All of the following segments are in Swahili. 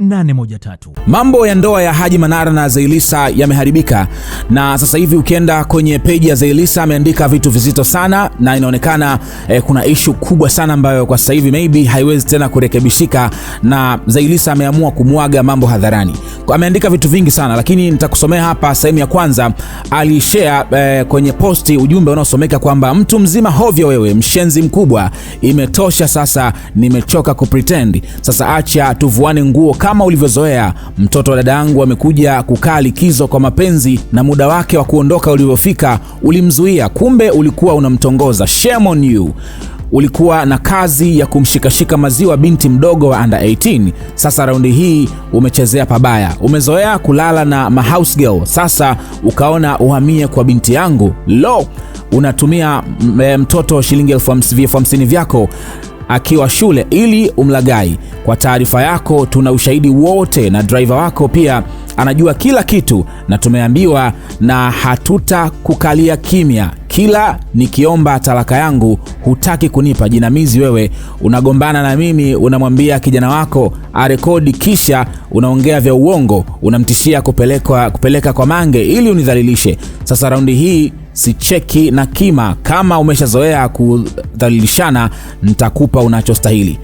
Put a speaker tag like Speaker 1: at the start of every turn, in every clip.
Speaker 1: 813. Mambo ya ndoa ya Haji Manara na Zailisa yameharibika, na sasa hivi ukienda kwenye peji ya Zailisa ameandika vitu vizito sana, na inaonekana eh, kuna ishu kubwa sana ambayo kwa sasa hivi maybe haiwezi tena kurekebishika, na Zailisa ameamua kumwaga mambo hadharani. Ameandika vitu vingi sana, lakini nitakusomea hapa sehemu ya kwanza. Alishare eh, kwenye posti ujumbe unaosomeka kwamba mtu mzima hovyo wewe, mshenzi mkubwa, imetosha sasa, nimechoka kupretend. Sasa acha tuvuane nguo kama ulivyozoea, mtoto wa dada yangu amekuja kukaa likizo kwa mapenzi na muda wake wa kuondoka ulivyofika ulimzuia, kumbe ulikuwa unamtongoza. Shame on you. Ulikuwa na kazi ya kumshikashika maziwa binti mdogo wa under 18. Sasa raundi hii umechezea pabaya. Umezoea kulala na mahouse girl, sasa ukaona uhamie kwa binti yangu. Lo, unatumia eh, mtoto shilingi elfu hamsini vyako akiwa shule ili umlagai Kwa taarifa yako, tuna ushahidi wote na draiva wako pia anajua kila kitu, na tumeambiwa na hatutakukalia kimya. Kila nikiomba talaka yangu hutaki kunipa. Jinamizi wewe, unagombana na mimi, unamwambia kijana wako arekodi, kisha unaongea vya uongo, unamtishia kupeleka, kupeleka kwa mange ili unidhalilishe. Sasa raundi hii sicheki na kima. Kama umeshazoea kudhalilishana, nitakupa unachostahili.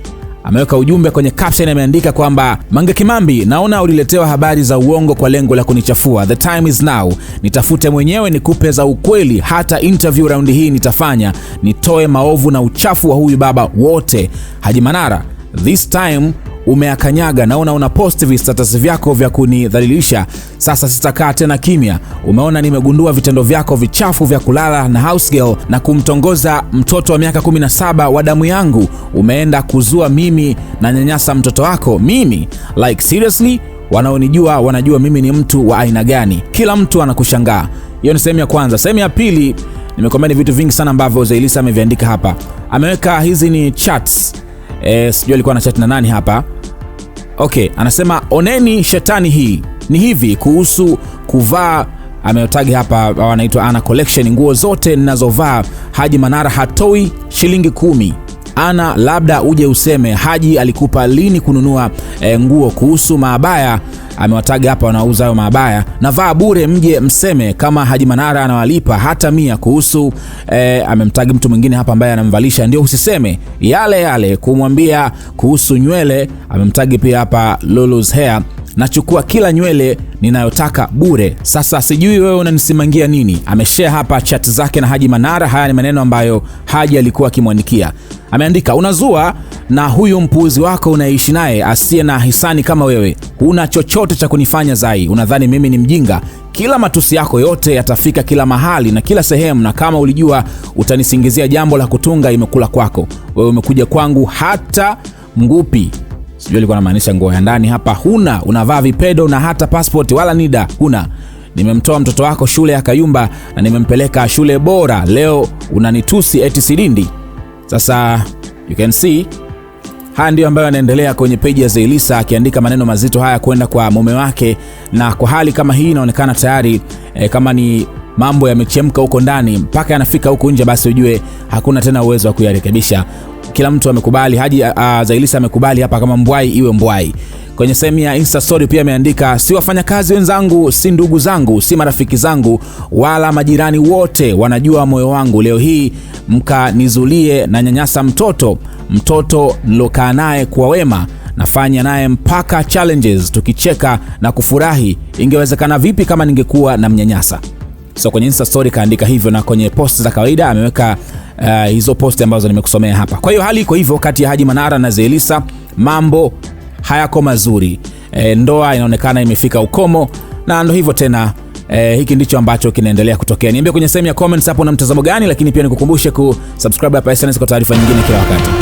Speaker 1: Ameweka ujumbe kwenye caption, ameandika kwamba Mange Kimambi, naona uliletewa habari za uongo kwa lengo la kunichafua. The time is now, nitafute mwenyewe nikupe za ukweli. Hata interview raundi hii nitafanya, nitoe maovu na uchafu wa huyu baba wote. Haji Manara, this time umeakanyaga. Naona una post status vyako vya kunidhalilisha. Sasa sitakaa tena kimya. Umeona, nimegundua vitendo vyako vichafu vya kulala na house girl na kumtongoza mtoto wa miaka 17 wa damu yangu. Umeenda kuzua mimi na nyanyasa mtoto wako mimi, like seriously. Wanaonijua wanajua mimi ni mtu wa aina gani. Kila mtu anakushangaa. Hiyo ni sehemu ya kwanza. Sehemu ya pili, nimekomeni vitu vingi sana ambavyo Zaiylisa ameviandika hapa. Ameweka hizi ni chats. Eh, sijui alikuwa na chat na nani hapa Okay, anasema oneni shetani hii. Ni hivi kuhusu kuvaa ameotagi hapa, wanaitwa ana collection, nguo zote ninazovaa Haji Manara hatoi shilingi kumi. Ana, labda uje useme Haji alikupa lini kununua e, nguo. Kuhusu maabaya amewataga hapa wanauza hayo maabaya, navaa bure, mje mseme kama Haji Manara anawalipa hata mia. Kuhusu e, amemtagi mtu mwingine hapa ambaye anamvalisha, ndio usiseme yale yale, kumwambia kuhusu nywele amemtagi pia hapa Lulu's hair nachukua kila nywele ninayotaka bure. Sasa sijui wewe unanisimangia nini? Ameshare hapa chat zake na Haji Manara. Haya ni maneno ambayo Haji alikuwa akimwandikia. Ameandika, unazua na huyu mpuuzi wako unaishi naye asiye na hisani kama wewe, huna chochote cha kunifanya Zai. Unadhani mimi ni mjinga? Kila matusi yako yote yatafika kila mahali na kila sehemu, na kama ulijua utanisingizia jambo la kutunga, imekula kwako wewe. Umekuja kwangu hata ngupi Sijui alikuwa anamaanisha nguo ya ndani hapa. Huna, unavaa vipedo na hata passport wala NIDA huna. Nimemtoa mtoto wako shule ya Kayumba na nimempeleka shule bora, leo unanitusi eti Silindi. Sasa you can see haya ndiyo ambayo anaendelea kwenye peji ya Zaiylissa akiandika maneno mazito haya kwenda kwa mume wake, na kwa hali kama hii inaonekana tayari e, kama ni mambo yamechemka huko ndani mpaka yanafika huko nje, basi ujue hakuna tena uwezo wa kuyarekebisha. Kila mtu amekubali. Haji Zailisa amekubali hapa, kama mbwai iwe mbwai. Kwenye sehemu ya Insta story pia ameandika, si wafanyakazi wenzangu, si ndugu zangu, si marafiki zangu, wala majirani, wote wanajua moyo wangu. Leo hii mkanizulie na nyanyasa mtoto mtoto nilokaa naye kwa wema nafanya naye mpaka challenges tukicheka na kufurahi. Ingewezekana vipi kama ningekuwa na mnyanyasa? So kwenye Insta story kaandika hivyo, na kwenye post za kawaida ameweka uh, hizo post ambazo nimekusomea hapa. Kwa hiyo hali iko hivyo kati ya Haji Manara na zelisa mambo hayako mazuri e, ndoa inaonekana imefika ukomo, na ndo hivyo tena. E, hiki ndicho ambacho kinaendelea kutokea. Niambie kwenye sehemu ya comments hapo na mtazamo gani, lakini pia nikukumbushe kusubscribe hapa SnS kwa taarifa nyingine kila wakati.